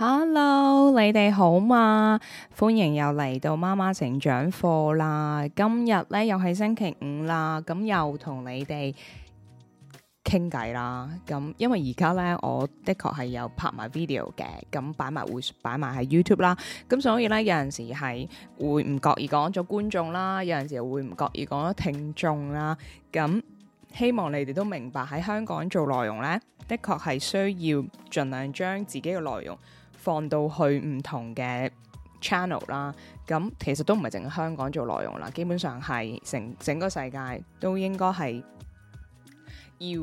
hello，你哋好嘛？歡迎又嚟到媽媽成長課啦！今日咧又係星期五啦，咁又同你哋傾偈啦。咁、嗯、因為而家咧，我的確係有拍埋 video 嘅，咁擺埋會擺埋喺 YouTube 啦。咁、嗯、所以咧，有陣時係會唔覺意講咗觀眾啦，有陣時會唔覺意講咗聽眾啦。咁、嗯、希望你哋都明白喺香港做內容咧，的確係需要盡量將自己嘅內容。放到去唔同嘅 channel 啦，咁其實都唔係淨係香港做內容啦，基本上係成整個世界都應該係要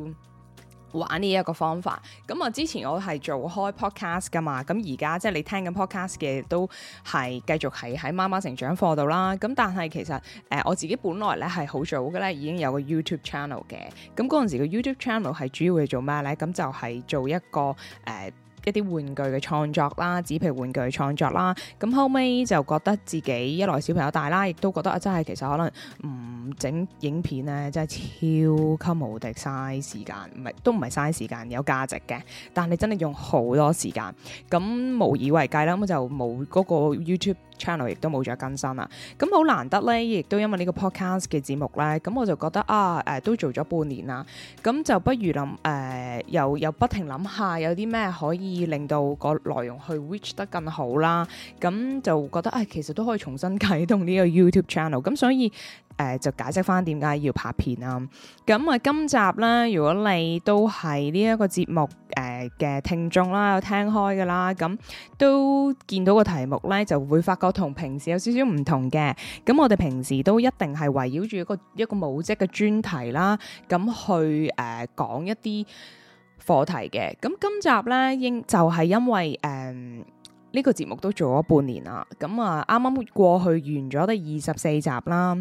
玩呢一個方法。咁啊，之前我係做開 podcast 噶嘛，咁而家即係你聽緊 podcast 嘅都係繼續係喺媽媽成長課度啦。咁但係其實誒、呃、我自己本來咧係好早嘅咧，已經有個 YouTube channel 嘅。咁嗰陣時個 YouTube channel 係主要係做咩咧？咁就係做一個誒。呃一啲玩具嘅創作啦，紙皮玩具嘅創作啦，咁後尾就覺得自己一來小朋友大啦，亦都覺得啊，真係其實可能唔整影片咧，真係超級無敵嘥時間，唔係都唔係嘥時間有價值嘅，但係你真係用好多時間，咁無以為繼啦，咁就冇嗰個 YouTube。Channel 亦都冇咗更新啦，咁好難得咧，亦都因為呢個 podcast 嘅節目咧，咁我就覺得啊，誒、呃、都做咗半年啦，咁就不如諗誒、呃，又又不停諗下有啲咩可以令到個內容去 reach 得更好啦，咁就覺得啊，其實都可以重新啟動呢個 YouTube channel，咁所以。誒、呃，就解釋翻點解要拍片啊。咁啊，今集呢，如果你都係呢一個節目誒嘅、呃、聽眾啦，有聽開噶啦，咁都見到個題目呢，就會發覺同平時有少少唔同嘅。咁我哋平時都一定係圍繞住一個一個母職嘅專題啦，咁去誒講、呃、一啲課題嘅。咁今集呢，應就係、是、因為誒呢、呃這個節目都做咗半年啦，咁啊啱啱過去完咗得二十四集啦。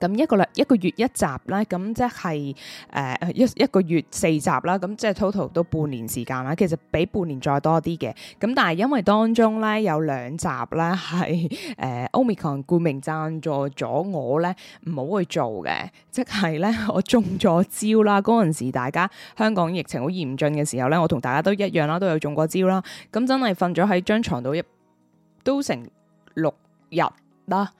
咁一個禮一個月一集啦，咁即係誒、呃、一一個月四集啦，咁即係 total 都半年時間啦。其實比半年再多啲嘅。咁但係因為當中咧有兩集咧係誒、呃、Omicron 冠名贊助咗我咧，唔好去做嘅，即係咧我中咗招啦。嗰陣時大家香港疫情好嚴峻嘅時候咧，我同大家都一樣啦，都有中過招啦。咁真係瞓咗喺張床度一都成六日啦。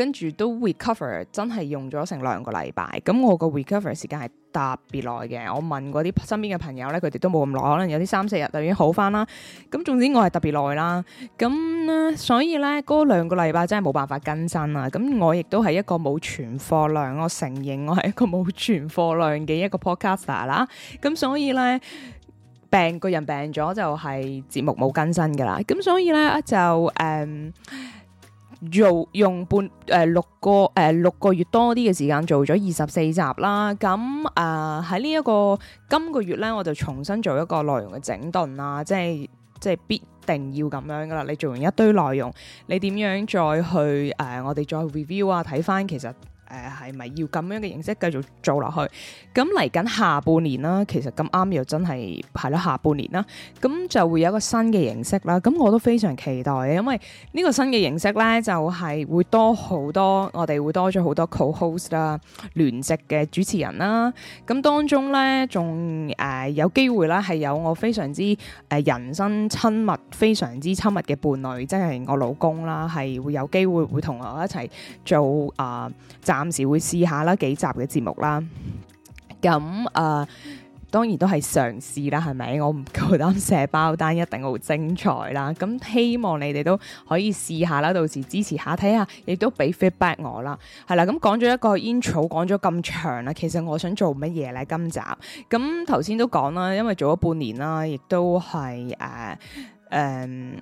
跟住都 recover，真係用咗成兩個禮拜。咁我個 recover 時間係特別耐嘅。我問嗰啲身邊嘅朋友咧，佢哋都冇咁耐，可能有啲三四日就已經好返啦。咁總之我係特別耐啦。咁咧，所以呢，嗰兩個禮拜真係冇辦法更新啦。咁我亦都係一個冇存貨量，我承認我係一個冇存貨量嘅一個 podcaster 啦。咁所以呢，病個人病咗就係節目冇更新噶啦。咁所以呢，就誒。Um, 做用半誒、呃、六個誒、呃、六個月多啲嘅時間做咗二十四集啦，咁啊喺呢一個今個月咧，我就重新做一個內容嘅整頓啦，即係即係必定要咁樣㗎喇。你做完一堆內容，你點樣再去誒、呃、我哋再 review 啊？睇返其實。誒係咪要咁樣嘅形式繼續做落去？咁嚟緊下半年啦，其實咁啱又真係係咯下半年啦，咁就會有一個新嘅形式啦。咁我都非常期待，因為呢個新嘅形式咧，就係會多好多，我哋會多咗好多 co-host 啦，聯席嘅主持人啦。咁當中咧，仲誒有機會啦，係有我非常之誒人生親密、非常之親密嘅伴侶，即係我老公啦，係會有機會會同我一齊做啊！呃暫時會試下啦，幾集嘅節目啦。咁誒、呃，當然都係嘗試啦，係咪？我唔夠膽寫包單，但一定好精彩啦。咁希望你哋都可以試下啦，到時支持下，睇下，亦都俾 feedback 我、嗯、啦。係啦，咁講咗一個 intro，講咗咁長啦，其實我想做乜嘢呢？今集咁頭先都講啦，因為做咗半年啦，亦都係誒誒，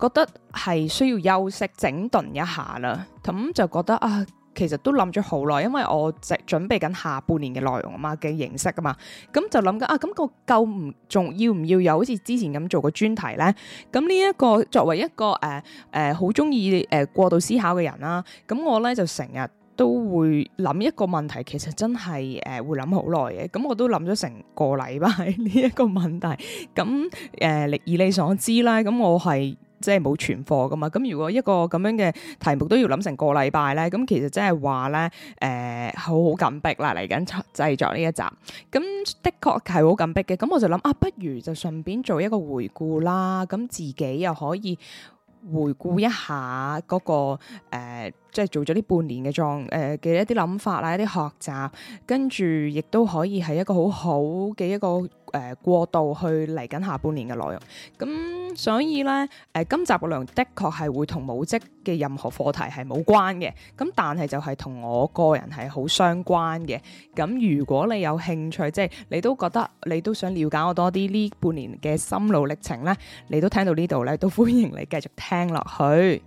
覺得係需要休息整頓一下啦。咁就覺得啊。呃其實都諗咗好耐，因為我直準備緊下半年嘅內容啊嘛，嘅形式啊嘛，咁、嗯、就諗緊啊，咁、那個夠唔仲要唔要有好似之前咁做個專題咧？咁呢一個作為一個誒誒好中意誒過度思考嘅人啦、啊，咁、嗯、我咧就成日都會諗一個問題，其實真係誒、呃、會諗好耐嘅，咁、嗯、我都諗咗成個禮拜呢一個問題。咁、嗯、誒，而、呃、你所知啦，咁、嗯、我係。即係冇存貨噶嘛，咁如果一個咁樣嘅題目都要諗成個禮拜咧，咁其實即係話咧，誒、呃，好好緊迫啦，嚟緊製作呢一集，咁的確係好緊迫嘅，咁我就諗啊，不如就順便做一個回顧啦，咁自己又可以回顧一下嗰、那個誒。呃即係做咗呢半年嘅狀，誒嘅一啲諗法啦，一啲學習，跟住亦都可以係一個好好嘅一個誒、呃、過渡去嚟緊下半年嘅內容。咁、嗯、所以呢，誒、呃、今集嘅內容的確係會同母職嘅任何課題係冇關嘅。咁、嗯、但係就係同我個人係好相關嘅。咁、嗯、如果你有興趣，即、就、係、是、你都覺得你都想了解我多啲呢半年嘅心路歷程呢，你都聽到呢度呢，都歡迎你繼續聽落去。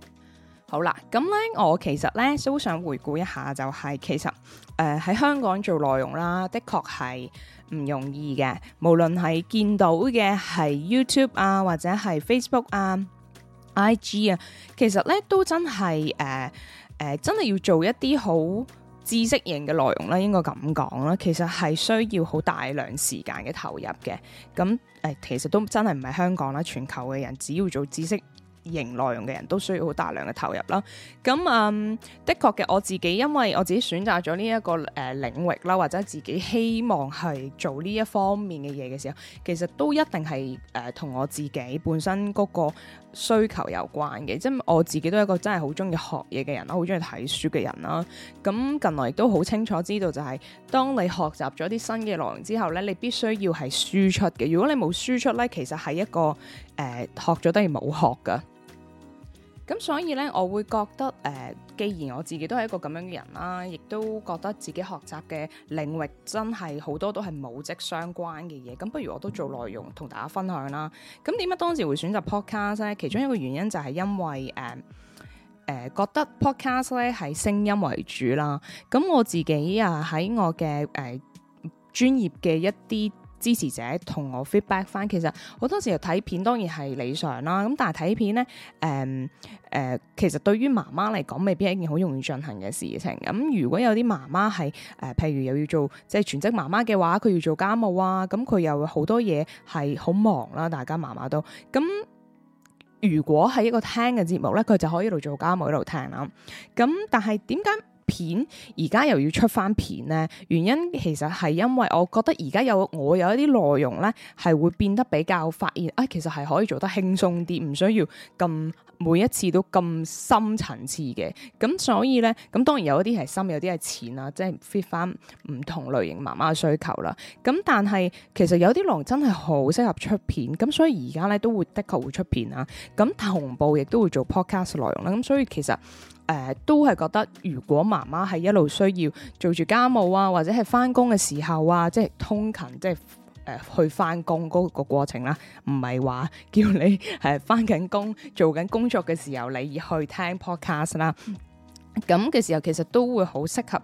好啦，咁咧，我其實咧都想回顧一下、就係，就係其實誒喺、呃、香港做內容啦，的確係唔容易嘅。無論係見到嘅係 YouTube 啊，或者係 Facebook 啊、IG 啊，其實咧都真係誒誒真係要做一啲好知識型嘅內容啦，應該咁講啦。其實係需要好大量時間嘅投入嘅。咁誒、呃，其實都真係唔係香港啦，全球嘅人只要做知識型內容嘅人都需要好大量嘅投入啦。咁嗯，的確嘅，我自己因為我自己選擇咗呢一個誒、呃、領域啦，或者自己希望係做呢一方面嘅嘢嘅時候，其實都一定係誒同我自己本身嗰個需求有關嘅。即係我自己都係一個真係好中意學嘢嘅人、人啦，好中意睇書嘅人啦。咁近來亦都好清楚知道、就係，就係當你學習咗啲新嘅內容之後咧，你必須要係輸出嘅。如果你冇輸出咧，其實係一個誒、呃、學咗都係冇學噶。咁所以咧，我會覺得誒、呃，既然我自己都係一個咁樣嘅人啦，亦都覺得自己學習嘅領域真係好多都係冇職相關嘅嘢，咁不如我都做內容同大家分享啦。咁點解當時會選擇 podcast 咧？其中一個原因就係因為誒誒、呃呃、覺得 podcast 咧係聲音為主啦。咁我自己啊喺我嘅誒、呃、專業嘅一啲。支持者同我 feedback 翻，其實好多時候睇片當然係理想啦，咁但係睇片咧，誒、嗯、誒、嗯，其實對於媽媽嚟講，未必係一件好容易進行嘅事情。咁、嗯、如果有啲媽媽係誒、呃，譬如又要做即係全職媽媽嘅話，佢要做家務啊，咁佢又好多嘢係好忙啦、啊，大家媽媽都。咁、嗯、如果係一個聽嘅節目咧，佢就可以一路做家務一路聽啦。咁、嗯、但係點解？片而家又要出翻片咧，原因其實係因為我覺得而家有我有一啲內容咧，係會變得比較發現啊、哎，其實係可以做得輕鬆啲，唔需要咁每一次都咁深層次嘅。咁所以咧，咁當然有一啲係深，有啲係淺啊，即係 fit 翻唔同類型媽媽嘅需求啦。咁但係其實有啲狼真係好適合出片，咁所以而家咧都會的確會出片啊。咁同步亦都會做 podcast 內容啦。咁所以其實。誒、呃、都係覺得，如果媽媽係一路需要做住家務啊，或者係翻工嘅時候啊，即係通勤，即係誒去翻工嗰個過程啦，啊，唔係話叫你誒翻緊工、做緊工作嘅時候，你去聽 podcast 啦。咁嘅時候，其實都會好適合誒。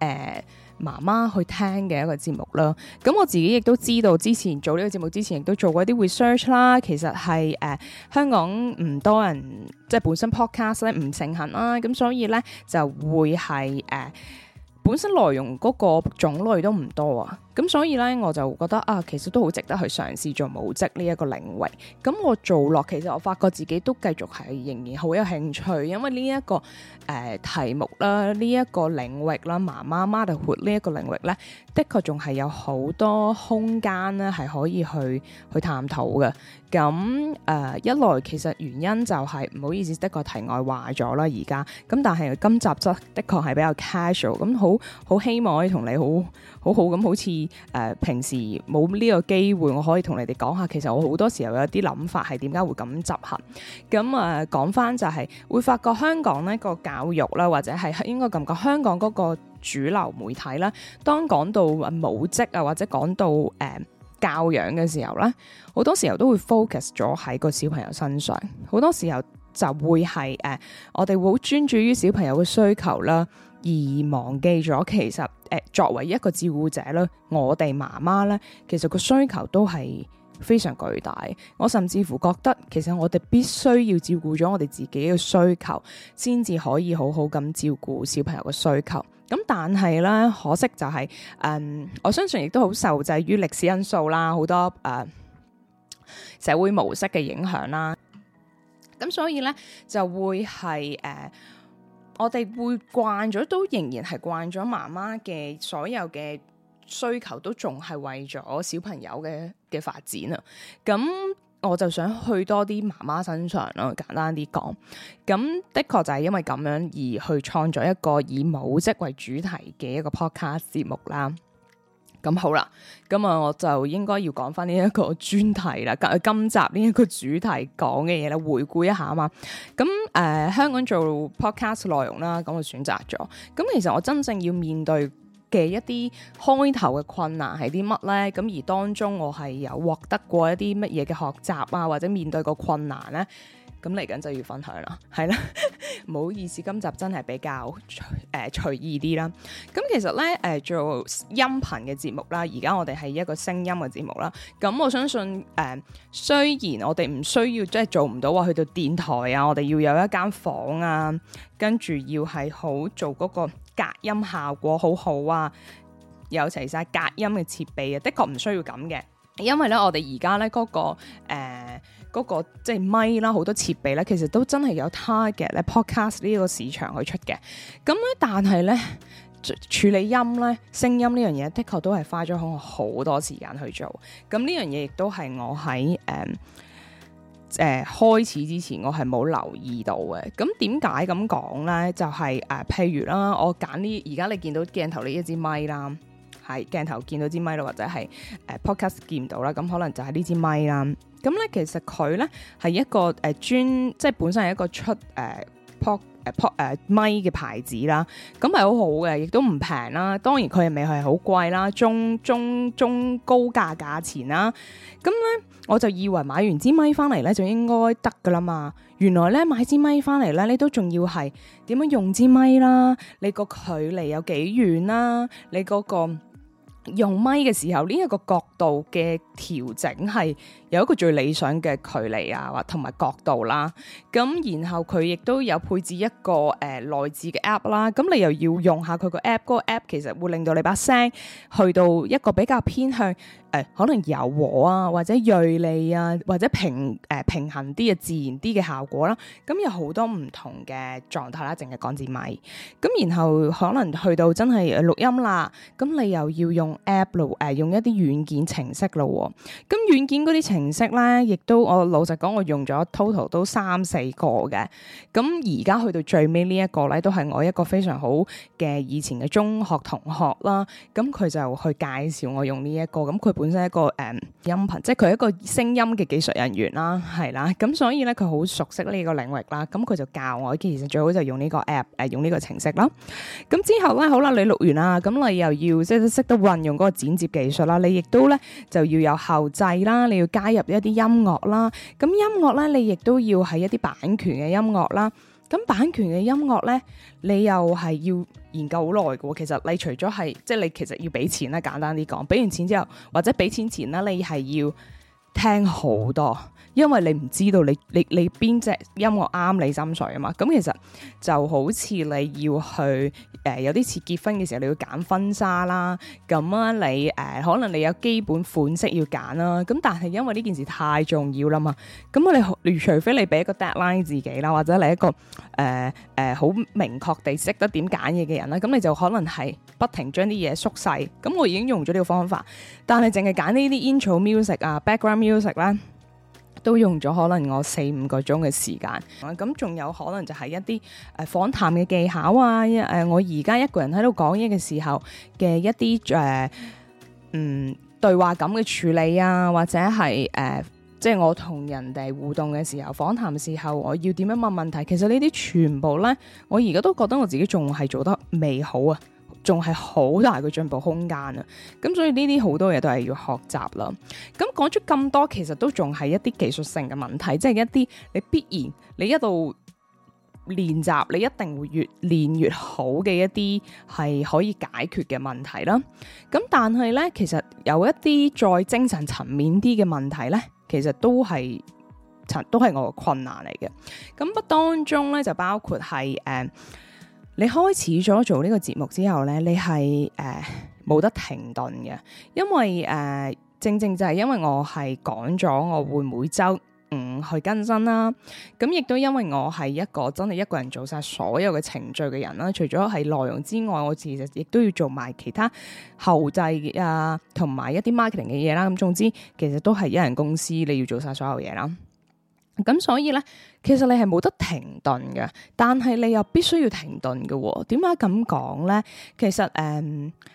呃媽媽去聽嘅一個節目啦，咁我自己亦都知道，之前做呢個節目之前，亦都做過一啲 research 啦。其實係誒、呃、香港唔多人，即係本身 podcast 咧唔盛行啦，咁所以咧就會係誒、呃、本身內容嗰個種類都唔多啊。咁所以咧，我就覺得啊，其實都好值得去嘗試做母職呢一個領域。咁我做落，其實我發覺自己都繼續係仍然好有興趣，因為呢、這、一個誒、呃、題目啦，呢、這、一個領域啦，媽媽 motherhood 呢一個領域咧，的確仲係有好多空間咧，係可以去去探討嘅。咁誒、呃、一來其實原因就係、是、唔好意思，的確題外話咗啦。而家咁，但係今集則的確係比較 casual，咁好好希望可以同你好好好咁好似。誒、呃，平時冇呢個機會，我可以同你哋講下，其實我好多時候有啲諗法係點解會咁執行。咁啊，講、呃、翻就係、是、會發覺香港呢個教育啦，或者係應該咁講，香港嗰個主流媒體啦，當講到母職啊，或者講到誒、呃、教養嘅時候咧，好多時候都會 focus 咗喺個小朋友身上，好多時候就會係誒、呃，我哋會專注於小朋友嘅需求啦。而忘記咗，其實誒、呃、作為一個照顧者咧，我哋媽媽咧，其實個需求都係非常巨大。我甚至乎覺得，其實我哋必須要照顧咗我哋自己嘅需求，先至可以好好咁照顧小朋友嘅需求。咁、嗯、但係咧，可惜就係、是、誒、嗯，我相信亦都好受制於歷史因素啦，好多誒、呃、社會模式嘅影響啦。咁、嗯、所以咧，就會係誒、呃我哋會慣咗，都仍然係慣咗媽媽嘅所有嘅需求，都仲係為咗小朋友嘅嘅發展啊。咁我就想去多啲媽媽身上咯，簡單啲講，咁的確就係因為咁樣而去創作一個以母職為主題嘅一個 podcast 節目啦。咁好啦，咁啊，我就應該要講翻呢一個專題啦。今今集呢一個主題講嘅嘢咧，回顧一下啊嘛。咁誒、呃，香港做 podcast 內容啦，咁我選擇咗。咁其實我真正要面對嘅一啲開頭嘅困難係啲乜呢？咁而當中我係有獲得過一啲乜嘢嘅學習啊，或者面對過困難呢？咁嚟緊就要分享啦，係啦，唔 好意思，今集真係比較誒、呃、隨意啲啦。咁其實咧，誒、呃、做音頻嘅節目啦，而家我哋係一個聲音嘅節目啦。咁我相信誒、呃，雖然我哋唔需要即係做唔到話去到電台啊，我哋要有一間房啊，跟住要係好做嗰個隔音效果好好啊，有齊晒隔音嘅設備啊，的確唔需要咁嘅，因為咧我哋而家咧嗰個誒。呃嗰、那個即係咪啦，好多設備咧，其實都真係有 target 咧 Podcast 呢個市場去出嘅。咁咧，但係咧處理音咧聲音呢樣嘢，的確都係花咗好好多時間去做。咁呢樣嘢亦都係我喺誒誒開始之前，我係冇留意到嘅。咁點解咁講咧？就係、是、誒、呃，譬如啦，我揀呢而家你見到鏡頭呢一支咪啦。鏡頭見到支咪咯，或者係誒、呃、podcast 見唔到啦，咁可能就係呢支咪啦。咁咧其實佢咧係一個誒專、呃，即係本身係一個出誒、呃、p o 誒 p o 誒、呃、咪嘅牌子啦。咁係好好嘅，亦都唔平啦。當然佢係咪係好貴啦，中中中高價價錢啦。咁咧我就以為買完支咪翻嚟咧就應該得噶啦嘛。原來咧買支咪翻嚟咧，你都仲要係點樣用支咪啦？你個距離有幾遠啦？你嗰、個。用咪嘅時候，呢、這、一個角度嘅調整係有一個最理想嘅距離啊，或同埋角度啦。咁然後佢亦都有配置一個誒、呃、內置嘅 app 啦。咁你又要用下佢個 app，嗰個 app 其實會令到你把聲去到一個比較偏向。誒、哎、可能柔和啊，或者銳利啊，或者平誒、呃、平衡啲嘅自然啲嘅效果啦，咁有好多唔同嘅狀態啦，淨係講字咪，咁然後可能去到真係錄音啦，咁你又要用 app 錄、呃、誒用一啲軟件程式咯，咁軟件嗰啲程式咧，亦都我老實講我用咗 total 都三四個嘅，咁而家去到最尾呢一個咧，都係我一個非常好嘅以前嘅中學同學啦，咁佢就去介紹我用呢、這、一個。咁佢。本身一個誒、嗯、音頻，即係佢係一個聲音嘅技術人員啦，係啦，咁所以咧佢好熟悉呢個領域啦，咁佢就教我，其實最好就用呢個 app 誒、呃，用呢個程式啦。咁之後咧，好啦，你錄完啦，咁你又要即係識得運用嗰個剪接技術啦，你亦都咧就要有後製啦，你要加入一啲音樂啦，咁音樂咧你亦都要係一啲版權嘅音樂啦，咁版權嘅音樂咧你又係要。研究好耐㗎喎，其實你除咗係即係你其實要畀錢啦，簡單啲講，畀完錢之後或者畀錢前啦，你係要聽好多。因為你唔知道你你你邊隻音樂啱你心水啊嘛，咁其實就好似你要去誒、呃、有啲似結婚嘅時候你要揀婚紗啦，咁啊你誒、呃、可能你有基本款式要揀啦，咁但係因為呢件事太重要啦嘛，咁我哋除非你俾一個 deadline 自己啦，或者你一個誒誒好明確地識得點揀嘢嘅人啦，咁你就可能係不停將啲嘢縮細。咁我已經用咗呢個方法，但係淨係揀呢啲 intro music 啊 background music 啦、啊，都用咗可能我四五個鐘嘅時間，咁仲有可能就係一啲誒訪談嘅技巧啊，誒、呃、我而家一個人喺度講嘢嘅時候嘅一啲誒、呃、嗯對話感嘅處理啊，或者係誒、呃、即係我同人哋互動嘅時候，訪談時候我要點樣問問題，其實呢啲全部咧，我而家都覺得我自己仲係做得未好啊。仲係好大嘅進步空間啊！咁所以呢啲好多嘢都係要學習啦。咁講咗咁多，其實都仲係一啲技術性嘅問題，即係一啲你必然你一度練習，你一定會越練越好嘅一啲係可以解決嘅問題啦。咁但係呢，其實有一啲再精神層面啲嘅問題呢，其實都係都係我嘅困難嚟嘅。咁不當中呢，就包括係誒。Uh, 你開始咗做呢個節目之後呢，你係誒冇得停頓嘅，因為誒、呃、正正就係因為我係講咗我會每週五去更新啦，咁亦都因為我係一個真係一個人做晒所有嘅程序嘅人啦，除咗係內容之外，我其實亦都要做埋其他後製啊，同埋一啲 marketing 嘅嘢啦，咁總之其實都係一人公司，你要做晒所有嘢啦。咁所以咧，其實你係冇得停頓嘅，但係你又必須要停頓嘅、哦。點解咁講咧？其實誒、呃，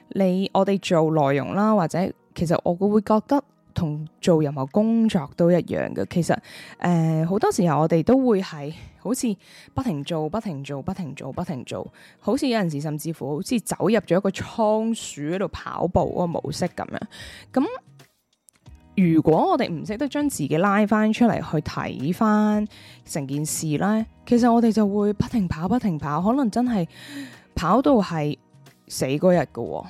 你我哋做內容啦，或者其實我會會覺得同做任何工作都一樣嘅。其實誒，好、呃、多時候我哋都會係好似不，不停做、不停做、不停做、不停做，好似有陣時甚至乎好似走入咗一個倉鼠喺度跑步個模式咁樣。咁、嗯如果我哋唔識得將自己拉翻出嚟去睇翻成件事呢，其實我哋就會不停跑，不停跑，可能真係跑到係死嗰日㗎喎。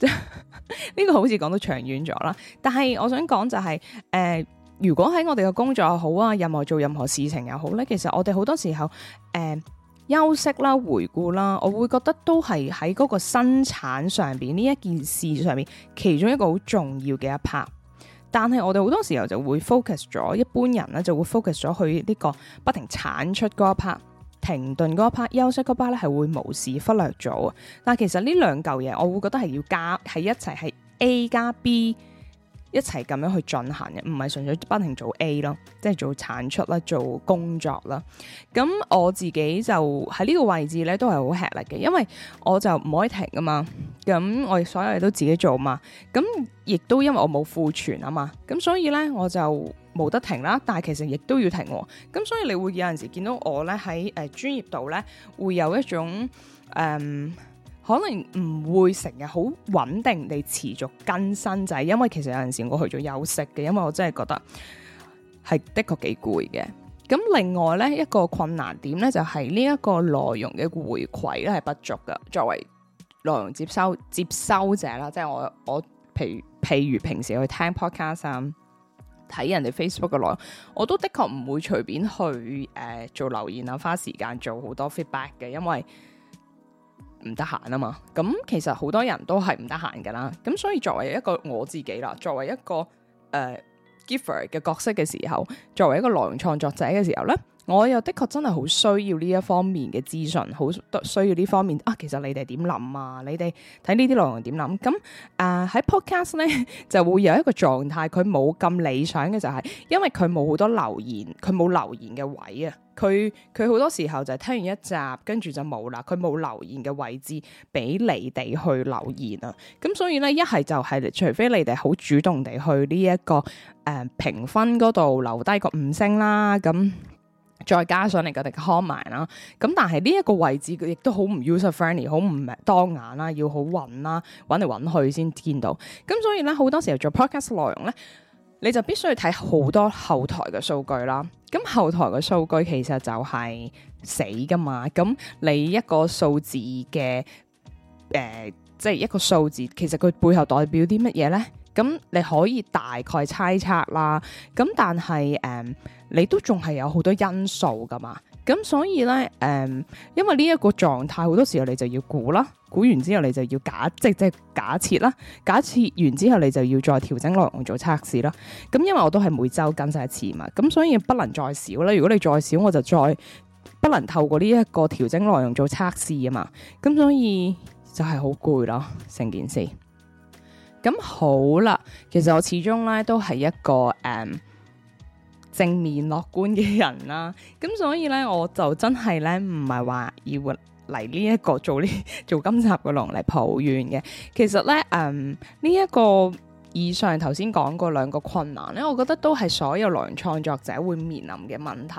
呢 個好似講到長遠咗啦。但係我想講就係、是、誒、呃，如果喺我哋嘅工作又好啊，任何做任何事情又好呢，其實我哋好多時候誒、呃、休息啦、回顧啦，我會覺得都係喺嗰個生產上邊呢一件事上面，其中一個好重要嘅一拍。但係我哋好多時候就會 focus 咗，一般人咧就會 focus 咗去呢個不停產出嗰一 part、停頓嗰一 part、休息嗰 part 咧，係會無視忽略咗啊！但係其實呢兩嚿嘢，我會覺得係要加喺一齊係 A 加 B。一齊咁樣去進行嘅，唔係純粹不停做 A 咯，即係做產出啦，做工作啦。咁我自己就喺呢個位置咧，都係好吃力嘅，因為我就唔可以停啊嘛。咁我所有嘢都自己做嘛，咁亦都因為我冇庫存啊嘛，咁所以咧我就冇得停啦。但係其實亦都要停，咁所以你會有陣時見到我咧喺誒專業度咧會有一種誒。呃可能唔會成日好穩定地持續更新就係，因為其實有陣時我去咗休息嘅，因為我真係覺得係的確幾攰嘅。咁另外呢一個困難點呢，就係呢一個內容嘅回饋咧係不足嘅。作為內容接收接收者啦，即係我我譬譬如平時去聽 Podcast 呀睇人哋 Facebook 嘅內容，我都的確唔會隨便去誒、呃、做留言啊，花時間做好多 feedback 嘅，因為。唔得閒啊嘛，咁其實好多人都係唔得閒噶啦，咁所以作為一個我自己啦，作為一個誒、呃、giver 嘅角色嘅時候，作為一個內容創作者嘅時候呢。我又的確真係好需要呢一方面嘅資訊，好需要呢方面啊。其實你哋點諗啊？你哋睇呢啲內容點諗？咁啊喺、呃、Podcast 咧就會有一個狀態，佢冇咁理想嘅就係、是、因為佢冇好多留言，佢冇留言嘅位啊。佢佢好多時候就係聽完一集跟住就冇啦，佢冇留言嘅位置俾你哋去留言啊。咁所以咧一係就係、是、除非你哋好主動地去呢、這、一個誒、呃、評分嗰度留低個五星啦，咁。再加上你嘅 comment 啦，咁但係呢一個位置佢亦都好唔 user friendly，好唔當眼啦，要好揾啦，揾嚟揾去先見到。咁所以咧，好多時候做 podcast 內容咧，你就必須要睇好多後台嘅數據啦。咁後台嘅數據其實就係死噶嘛。咁你一個數字嘅，誒、呃，即係一個數字，其實佢背後代表啲乜嘢咧？咁你可以大概猜測啦，咁但係誒、嗯，你都仲係有好多因素噶嘛，咁所以咧誒、嗯，因為呢一個狀態好多時候你就要估啦，估完之後你就要假即即係假設啦，假設完之後你就要再調整內容做測試啦，咁因為我都係每周跟晒一次嘛，咁所以不能再少啦，如果你再少我就再不能透過呢一個調整內容做測試啊嘛，咁所以就係好攰咯，成件事。咁好啦，其實我始終咧都係一個誒、嗯、正面樂觀嘅人啦，咁所以咧我就真係咧唔係話要嚟呢一個做呢做今集嘅龍嚟抱怨嘅，其實咧誒呢一、嗯這個。以上頭先講過兩個困難咧，我覺得都係所有內容創作者會面臨嘅問題。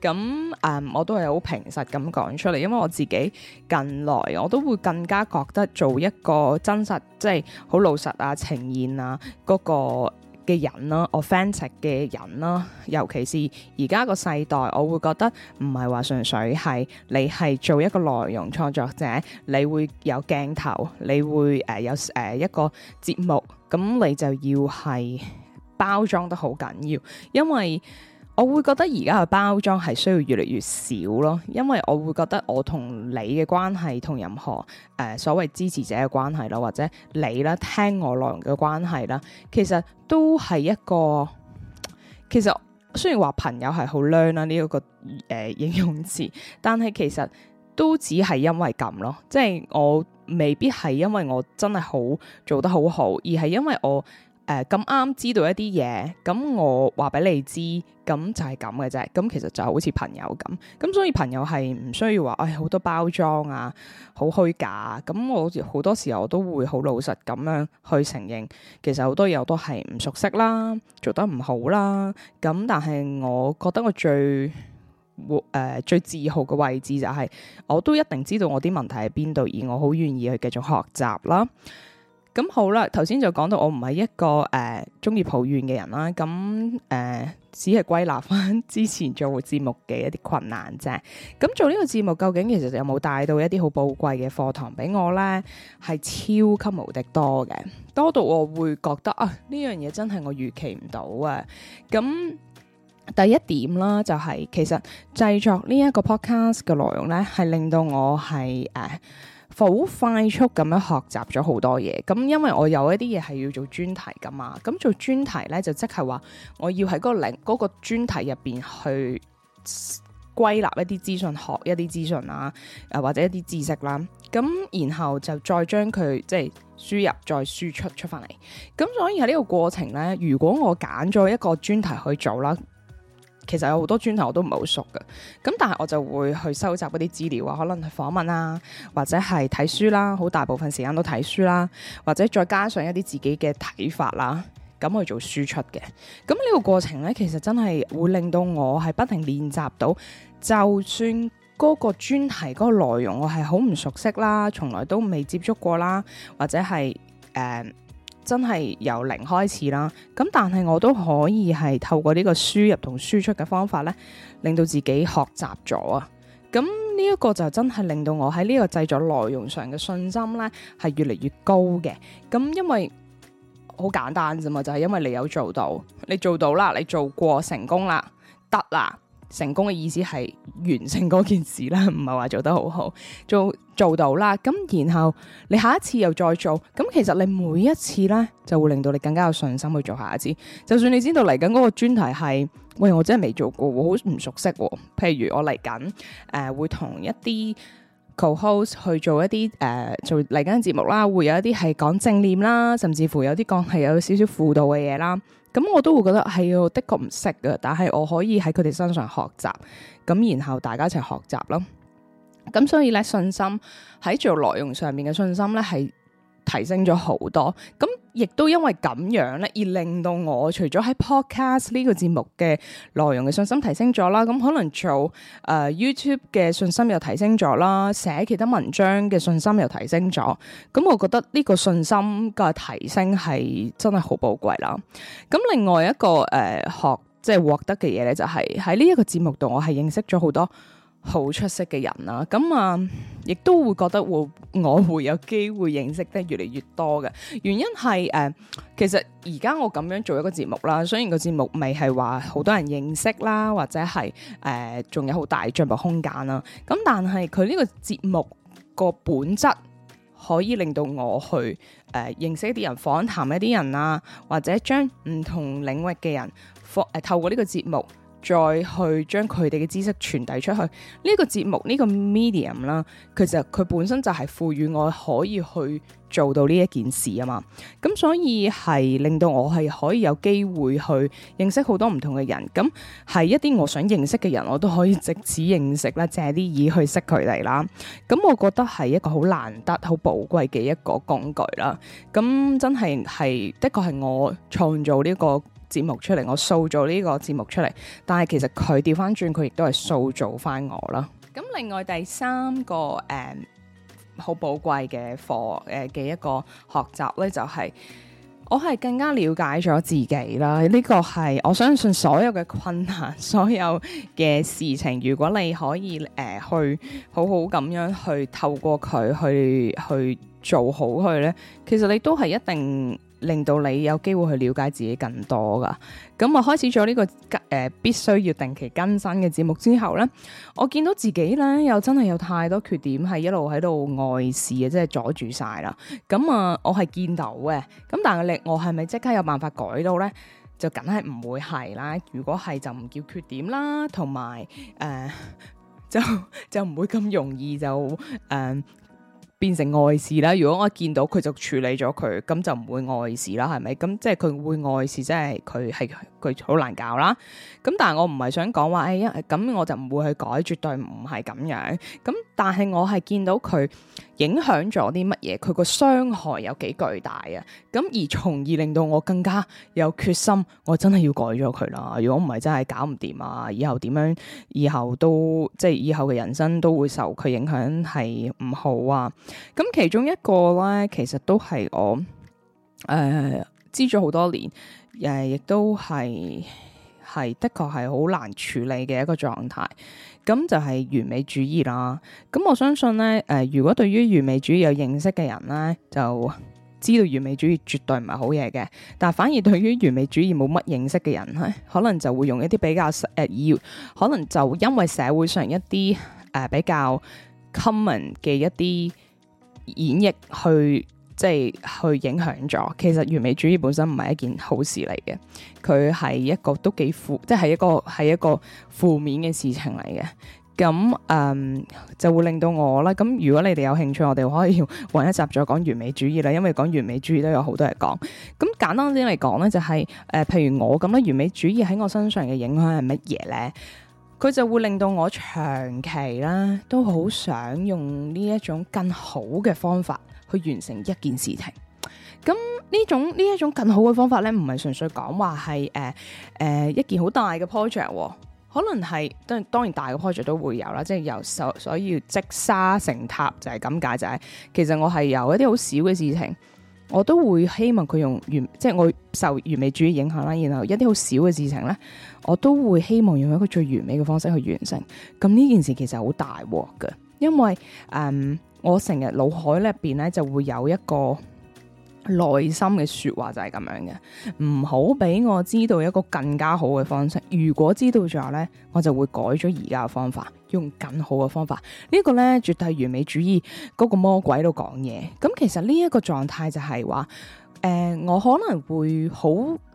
咁誒、嗯，我都係好平實咁講出嚟，因為我自己近來我都會更加覺得做一個真實，即係好老實啊，呈現啊嗰、那個嘅人啦，authentic 嘅人啦、啊。尤其是而家個世代，我會覺得唔係話純粹係你係做一個內容創作者，你會有鏡頭，你會誒、呃、有誒、呃、一個節目。咁你就要係包裝得好緊要，因為我會覺得而家嘅包裝係需要越嚟越少咯，因為我會覺得我同你嘅關係，同任何誒、呃、所謂支持者嘅關係啦，或者你啦聽我內容嘅關係啦，其實都係一個其實雖然話朋友係好娘啦呢一、這個誒形容詞，但係其實都只係因為咁咯，即係我。未必係因為我真係好，做得好好，而係因為我誒咁啱知道一啲嘢，咁我話俾你知，咁就係咁嘅啫。咁其實就好似朋友咁，咁所以朋友係唔需要話誒好多包裝啊，好虛假啊。咁我好多時候我都會好老實咁樣去承認，其實好多嘢我都係唔熟悉啦，做得唔好啦。咁但係我覺得我最誒最自豪嘅位置就係，我都一定知道我啲問題喺邊度，而我好願意去繼續學習啦。咁好啦，頭先就講到我唔係一個誒中意抱怨嘅人啦。咁誒、呃、只係歸納翻之前做節目嘅一啲困難啫。咁做呢個節目究竟其實有冇帶到一啲好寶貴嘅課堂俾我呢？係超級無敵多嘅，多到我會覺得啊呢樣嘢真係我預期唔到啊！咁。第一點啦、就係，就係其實製作呢一個 podcast 嘅內容呢，係令到我係誒好快速咁樣學習咗好多嘢。咁因為我有一啲嘢係要做專題噶嘛，咁做專題呢，就即係話我要喺嗰個領嗰、嗰個專題入邊去歸納一啲資訊，學一啲資訊啊，誒或者一啲知識啦。咁然後就再將佢即係輸入再輸出出翻嚟。咁所以喺呢個過程呢，如果我揀咗一個專題去做啦。其實有好多專題我都唔係好熟嘅，咁但係我就會去收集嗰啲資料啊，可能訪問啊，或者係睇書啦、啊，好大部分時間都睇書啦、啊，或者再加上一啲自己嘅睇法啦、啊，咁去做輸出嘅。咁呢個過程呢，其實真係會令到我係不停練習到，就算嗰個專題嗰個內容我係好唔熟悉啦，從來都未接觸過啦，或者係誒。呃真係由零開始啦，咁但係我都可以係透過呢個輸入同輸出嘅方法呢，令到自己學習咗啊！咁呢一個就真係令到我喺呢個製作內容上嘅信心呢係越嚟越高嘅。咁因為好簡單啫嘛，就係、是、因為你有做到，你做到啦，你做過成功啦，得啦！成功嘅意思係。完成嗰件事啦，唔係話做得好好，做做到啦，咁然後你下一次又再做，咁其實你每一次呢，就會令到你更加有信心去做下一次。就算你知道嚟緊嗰個專題係，喂，我真係未做過，我好唔熟悉。譬如，我嚟緊誒會同一啲 co-host 去做一啲誒、呃、做嚟緊節目啦，會有一啲係講正念啦，甚至乎有啲講係有少少輔導嘅嘢啦。咁我都會覺得係我的確唔識嘅，但係我可以喺佢哋身上學習，咁然後大家一齊學習啦。咁所以呢，信心喺做內容上面嘅信心呢係提升咗好多。亦都因為咁樣咧，而令到我除咗喺 Podcast 呢個節目嘅內容嘅信心提升咗啦，咁可能做誒 YouTube 嘅信心又提升咗啦，寫其他文章嘅信心又提升咗，咁我覺得呢個信心嘅提升係真係好寶貴啦。咁另外一個誒學即係獲得嘅嘢咧，就係喺呢一個節目度，我係認識咗好多。好出色嘅人啦，咁啊，亦、嗯、都會覺得會我，我會有機會認識得越嚟越多嘅原因係誒、呃，其實而家我咁樣做一個節目啦，雖然個節目未係話好多人認識啦，或者係誒仲有好大進步空間啦，咁但係佢呢個節目個本質可以令到我去誒、呃、認識一啲人，訪談一啲人啦，啊，或者將唔同領域嘅人，誒、呃、透過呢個節目。再去將佢哋嘅知識傳遞出去，呢、這個節目呢、這個 medium 啦，其實佢本身就係賦予我可以去做到呢一件事啊嘛，咁、嗯、所以係令到我係可以有機會去認識好多唔同嘅人，咁、嗯、係一啲我想認識嘅人，我都可以藉此認識，認識啦，借啲意去識佢哋啦，咁我覺得係一個好難得好寶貴嘅一個工具啦，咁、嗯、真係係的確係我創造呢、這個。節目出嚟，我塑造呢個節目出嚟，但係其實佢調翻轉，佢亦都係塑造翻我啦。咁另外第三個誒，好寶貴嘅課誒嘅一個學習呢，就係、是、我係更加了解咗自己啦。呢、這個係我相信所有嘅困難，所有嘅事情，如果你可以誒、呃、去好好咁樣去透過佢去去做好佢呢，其實你都係一定。令到你有機會去了解自己更多㗎，咁啊，開始咗呢個誒必須要定期更新嘅節目之後咧，我見到自己咧又真係有太多缺點係一路喺度礙事嘅，即係阻住晒啦。咁啊，我係見到嘅，咁但係力我係咪即刻有辦法改到咧？就梗係唔會係啦。如果係就唔叫缺點啦，同埋誒就就唔會咁容易就誒。變成外事啦，如果我一見到佢就處理咗佢，咁就唔會外事啦，係咪？咁即係佢會外事，即係佢係。佢好難搞啦，咁但係我唔係想講話，誒，哎呀，咁我就唔會去改，絕對唔係咁樣。咁但係我係見到佢影響咗啲乜嘢，佢個傷害有幾巨大啊！咁而從而令到我更加有決心，我真係要改咗佢啦。如果唔係真係搞唔掂啊，以後點樣，以後都即係以後嘅人生都會受佢影響係唔好啊！咁其中一個咧，其實都係我誒。呃知咗好多年，誒亦都係係的確係好難處理嘅一個狀態，咁就係完美主義啦。咁我相信呢，誒、呃、如果對於完美主義有認識嘅人呢，就知道完美主義絕對唔係好嘢嘅。但反而對於完美主義冇乜認識嘅人呢，可能就會用一啲比較誒以、呃，可能就因為社會上一啲誒比較 common 嘅一啲演繹去。即係去影響咗，其實完美主義本身唔係一件好事嚟嘅，佢係一個都幾負，即係一個係一個負面嘅事情嚟嘅。咁誒、嗯、就會令到我啦。咁如果你哋有興趣，我哋可以揾一集再講完美主義啦。因為講完美主義都有好多人講。咁簡單啲嚟講呢，就係誒，譬如我咁樣，完美主義喺我身上嘅影響係乜嘢呢？佢就會令到我長期啦，都好想用呢一種更好嘅方法。去完成一件事情，咁呢種呢一種更好嘅方法咧，唔係純粹講話係誒誒一件好大嘅 project、哦、可能係當當然大嘅 project 都會有啦，即係由所所以積沙成塔就係咁解，就係、是就是、其實我係由一啲好小嘅事情，我都會希望佢用完，即係我受完美主義影響啦，然後一啲好小嘅事情咧，我都會希望用一個最完美嘅方式去完成。咁呢件事其實好大鑊㗎，因為嗯。我成日腦海入邊咧就會有一個內心嘅說話就，就係咁樣嘅，唔好俾我知道一個更加好嘅方式。如果知道咗咧，我就會改咗而家嘅方法，用更好嘅方法。這個、呢個咧絕對係完美主義嗰、那個魔鬼都講嘢。咁其實呢一個狀態就係話，誒、呃，我可能會好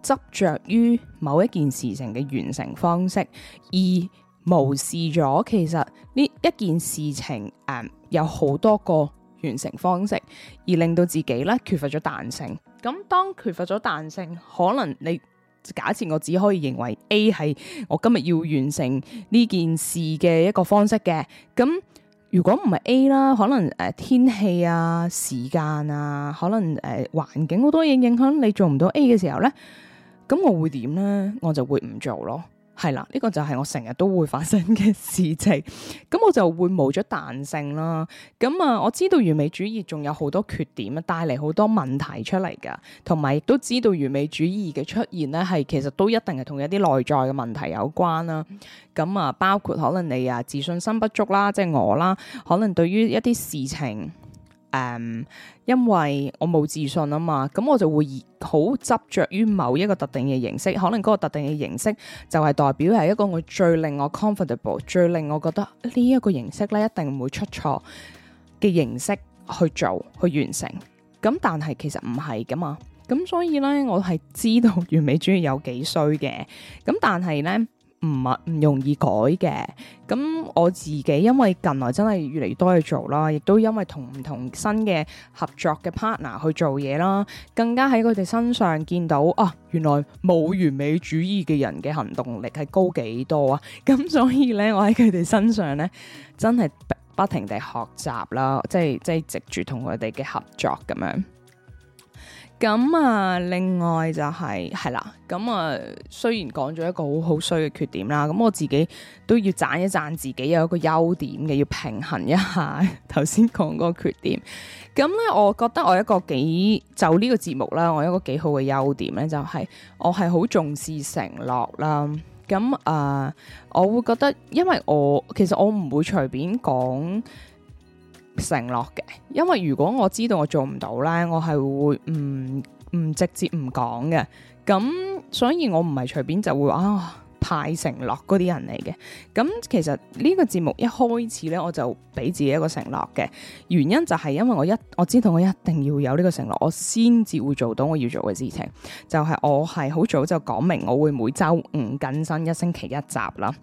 執着於某一件事情嘅完成方式，而無視咗其實呢一件事情誒。呃有好多個完成方式，而令到自己咧缺乏咗彈性。咁當缺乏咗彈性，可能你假設我只可以認為 A 係我今日要完成呢件事嘅一個方式嘅。咁如果唔係 A 啦，可能誒、呃、天氣啊、時間啊，可能誒環、呃、境好多嘢影響你做唔到 A 嘅時候咧，咁我會點咧？我就會唔做咯。係啦，呢個就係我成日都會發生嘅事情，咁我就會冇咗彈性啦。咁啊，我知道完美主義仲有好多缺點啊，帶嚟好多問題出嚟噶，同埋亦都知道完美主義嘅出現呢，係其實都一定係同一啲內在嘅問題有關啦。咁啊，包括可能你啊自信心不足啦，即係我啦，可能對於一啲事情。誒，um, 因為我冇自信啊嘛，咁我就會好執着於某一個特定嘅形式，可能嗰個特定嘅形式就係代表係一個我最令我 comfortable，最令我覺得呢一個形式咧一定唔會出錯嘅形式去做去完成。咁但係其實唔係噶嘛，咁所以呢，我係知道完美主義有幾衰嘅，咁但係呢。唔唔容易改嘅，咁我自己因為近來真係越嚟越多嘢做啦，亦都因為同唔同新嘅合作嘅 partner 去做嘢啦，更加喺佢哋身上見到啊，原來冇完美主義嘅人嘅行動力係高幾多啊，咁所以呢，我喺佢哋身上呢，真係不停地學習啦，即係即係藉住同佢哋嘅合作咁樣。咁啊、嗯，另外就係、是、係啦，咁、嗯、啊，雖然講咗一個好好衰嘅缺點啦，咁、嗯、我自己都要讚一讚自己有一個優點嘅，要平衡一下頭先講嗰個缺點。咁、嗯、咧，我覺得我一個幾就呢個節目啦，我一個幾好嘅優點咧，就係我係好重視承諾啦。咁、嗯、啊、呃，我會覺得，因為我其實我唔會隨便講。承諾嘅，因為如果我知道我做唔到咧，我係會唔唔直接唔講嘅。咁所以我唔係隨便就會話，哦太承諾嗰啲人嚟嘅，咁其實呢個節目一開始呢，我就俾自己一個承諾嘅，原因就係因為我一我知道我一定要有呢個承諾，我先至會做到我要做嘅事情。就係、是、我係好早就講明，我會每週五更新一星期一集啦。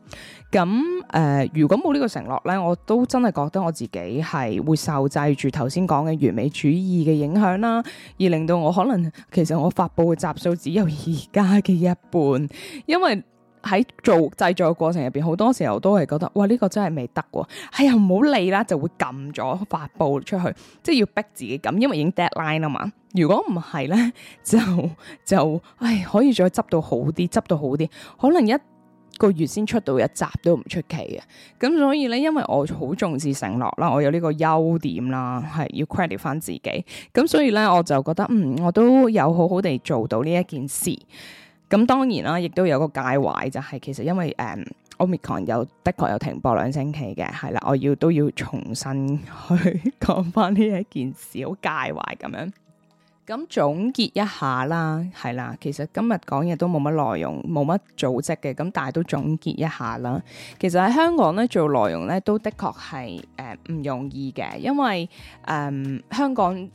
咁誒、呃，如果冇呢個承諾呢，我都真係覺得我自己係會受制住頭先講嘅完美主義嘅影響啦，而令到我可能其實我發布嘅集數只有而家嘅一半，因為。喺做製作過程入邊，好多時候都係覺得，哇！呢個真係未得喎，係、哎、啊，唔好理啦，就會撳咗發布出去，即係要逼自己咁，因為已經 deadline 啊嘛。如果唔係呢，就就唉，可以再執到好啲，執到好啲，可能一個月先出到一集都唔出奇嘅。咁所以呢，因為我好重視承諾啦，我有呢個優點啦，係要 credit 翻自己。咁所以呢，我就覺得，嗯，我都有好好地做到呢一件事。咁當然啦，亦都有個介懷，就係、是、其實因為誒奧密 o n 有的確有停播兩星期嘅，係啦，我要都要重新去講翻呢一件事，好介懷咁樣。咁總結一下啦，係啦，其實今日講嘢都冇乜內容，冇乜組織嘅，咁但係都總結一下啦。其實喺香港咧做內容咧，都的確係誒唔容易嘅，因為誒、嗯、香港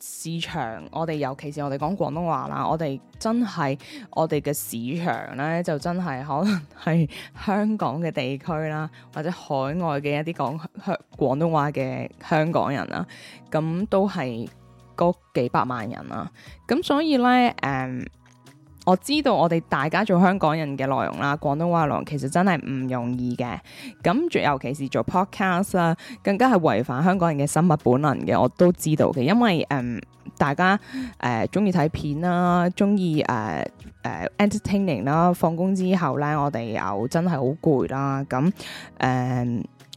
市場，我哋尤其是我哋講廣東話啦，我哋真係我哋嘅市場呢，就真係可能係香港嘅地區啦，或者海外嘅一啲講香廣東話嘅香港人啦，咁都係嗰幾百萬人啦，咁所以呢。誒、um。我知道我哋大家做香港人嘅內容啦，廣東話內容其實真係唔容易嘅，咁最尤其是做 podcast 啦，更加係違反香港人嘅生物本能嘅，我都知道嘅，因為誒、嗯、大家誒中意睇片啦，中意誒誒 entertaining 啦，放工之後咧，我哋又真係好攰啦，咁誒。呃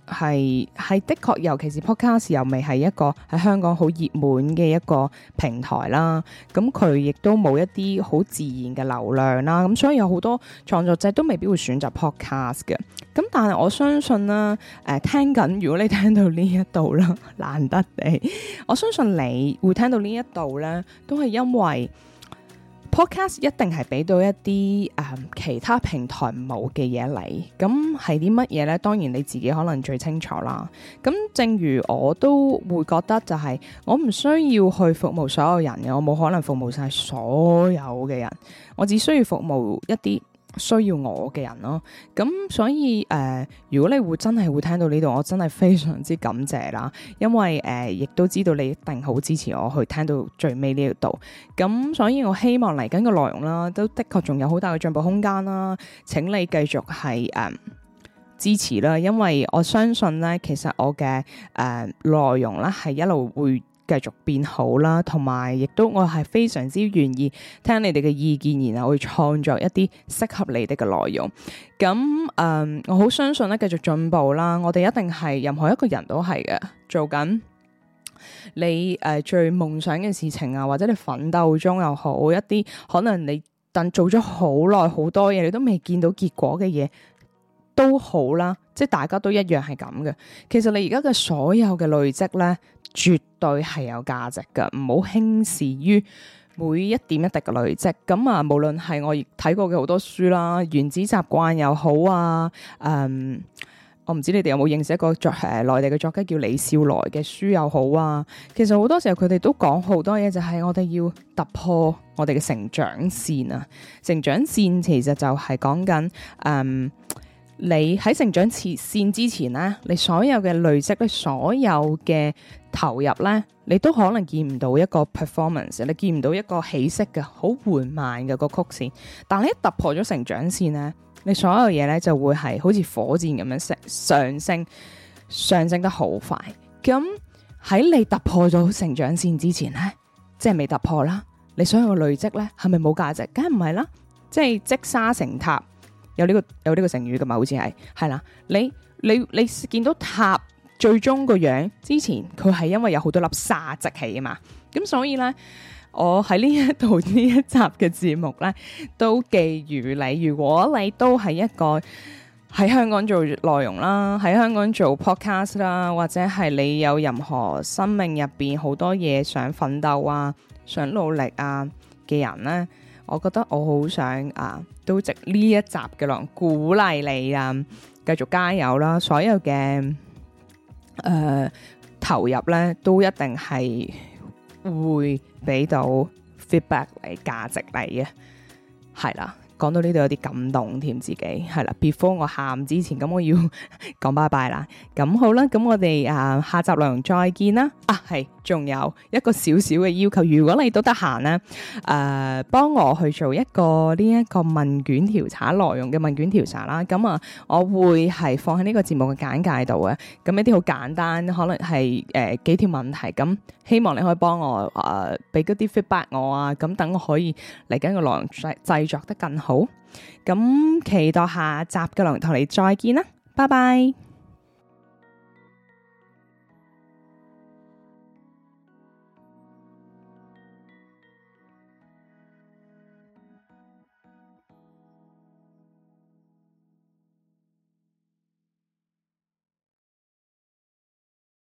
係係的確，尤其是 Podcast 又未係一個喺香港好熱門嘅一個平台啦。咁佢亦都冇一啲好自然嘅流量啦。咁所以有好多創作者都未必會選擇 Podcast 嘅。咁但係我相信啦，誒、呃、聽緊，如果你聽到呢一度啦，難得你，我相信你會聽到呢一度呢，都係因為。Podcast 一定係俾到一啲誒、嗯、其他平台冇嘅嘢嚟，咁係啲乜嘢呢？當然你自己可能最清楚啦。咁正如我都會覺得、就係，就係我唔需要去服務所有人嘅，我冇可能服務晒所有嘅人，我只需要服務一啲需要我嘅人咯，咁所以誒、呃，如果你會真係會聽到呢度，我真係非常之感謝啦，因為誒、呃、亦都知道你一定好支持我去聽到最尾呢一度，咁所以我希望嚟緊個內容啦，都的確仲有好大嘅進步空間啦，請你繼續係誒、呃、支持啦，因為我相信呢，其實我嘅誒內容啦係一路會。繼續變好啦，同埋亦都我係非常之願意聽你哋嘅意見，然後去創作一啲適合你哋嘅內容。咁誒、呃，我好相信咧，繼續進步啦。我哋一定係任何一個人都係嘅做緊你誒、呃、最夢想嘅事情啊，或者你奮鬥中又好一啲，可能你等做咗好耐好多嘢，你都未見到結果嘅嘢。都好啦，即係大家都一樣係咁嘅。其實你而家嘅所有嘅累積呢，絕對係有價值嘅，唔好輕視於每一點一滴嘅累積。咁啊，無論係我睇過嘅好多書啦，《原子習慣》又好啊，誒，我唔知你哋有冇認識一個作誒，內地嘅作家叫李笑來嘅書又好啊。其實好多時候佢哋都講好多嘢，就係我哋要突破我哋嘅成長線啊。成長線其實就係講緊誒。嗯你喺成長線之前咧，你所有嘅累積咧，你所有嘅投入咧，你都可能見唔到一個 performance，你見唔到一個起色嘅，好緩慢嘅個曲線。但你一突破咗成長線咧，你所有嘢咧就會係好似火箭咁樣升上升，上升得好快。咁喺你突破咗成長線之前咧，即係未突破啦，你所有累積呢，係咪冇價值？梗係唔係啦，即係積沙成塔。有呢個有呢個成語噶嘛？好似係，係啦，你你你見到塔最終個樣，之前佢係因為有好多粒沙積起啊嘛。咁所以呢，我喺呢一度呢一集嘅節目呢，都寄予你。如果你都係一個喺香港做內容啦，喺香港做 podcast 啦，或者係你有任何生命入邊好多嘢想奮鬥啊、想努力啊嘅人呢。我覺得我好想啊，都值呢一集嘅內容鼓勵你啊，繼續加油啦！所有嘅誒投入咧，都一定係會俾到 feedback 嚟價值嚟嘅。係啦，講到呢度有啲感動添，自己係啦。Before 我喊之前，咁我要講拜拜啦。咁好啦，咁我哋啊下集內容再見啦。啊係。仲有一個少少嘅要求，如果你都得閒呢，誒、呃，幫我去做一個呢一個問卷調查內容嘅問卷調查啦。咁、嗯、啊，我會係放喺呢個節目嘅簡介度啊。咁、嗯、一啲好簡單，可能係誒、呃、幾條問題。咁、嗯、希望你可以幫我誒俾嗰啲 feedback 我啊，咁、嗯、等我可以嚟緊嘅內容製作得更好。咁、嗯、期待下集嘅內容同你再見啦，拜拜。